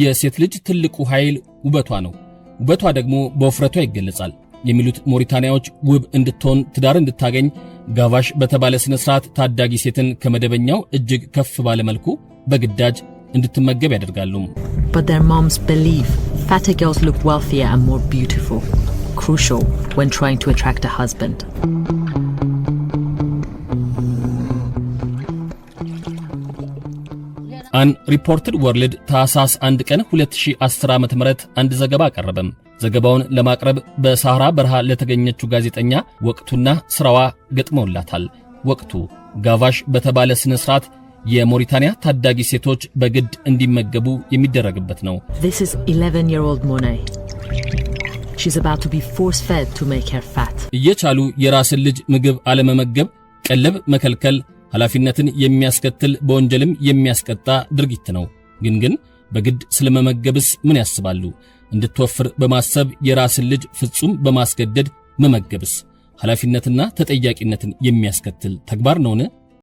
የሴት ልጅ ትልቁ ኃይል ውበቷ ነው፣ ውበቷ ደግሞ በውፍረቷ ይገለጻል የሚሉት ሞሪታንያዎች ውብ እንድትሆን ትዳር እንድታገኝ ጋቫሽ በተባለ ስነ ስርዓት ታዳጊ ሴትን ከመደበኛው እጅግ ከፍ ባለ መልኩ በግዳጅ እንድትመገብ ያደርጋሉ። ን ቱ አትራክት ሀዝበንድ አን ሪፖርትድ ወርልድ ታህሳስ 1 ቀን 2010 ዓ.ም አንድ ዘገባ አቀረበም። ዘገባውን ለማቅረብ በሳህራ በረሃ ለተገኘችው ጋዜጠኛ ወቅቱና ስራዋ ገጥመውላታል። ወቅቱ ጋቫሽ በተባለ ስነ ስርዓት የሞሪታንያ ታዳጊ ሴቶች በግድ እንዲመገቡ የሚደረግበት ነው። This is 11-year-old She's about to be force-fed to make her fat. እየቻሉ የራስን ልጅ ምግብ አለመመገብ፣ ቀለብ መከልከል ኃላፊነትን የሚያስከትል በወንጀልም የሚያስቀጣ ድርጊት ነው። ግን ግን በግድ ስለመመገብስ ምን ያስባሉ? እንድትወፍር በማሰብ የራስን ልጅ ፍጹም በማስገደድ መመገብስ ኃላፊነትና ተጠያቂነትን የሚያስከትል ተግባር ነውን?